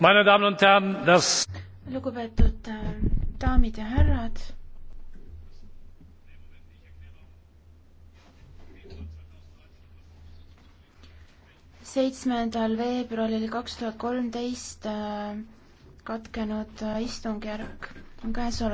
Meine Damen und Herren, das lugupeetud äh, daamid ja härrad. seitsmendal veebruaril kaks tuhat kolmteist äh, katkenud äh, istungjärk on käesolev.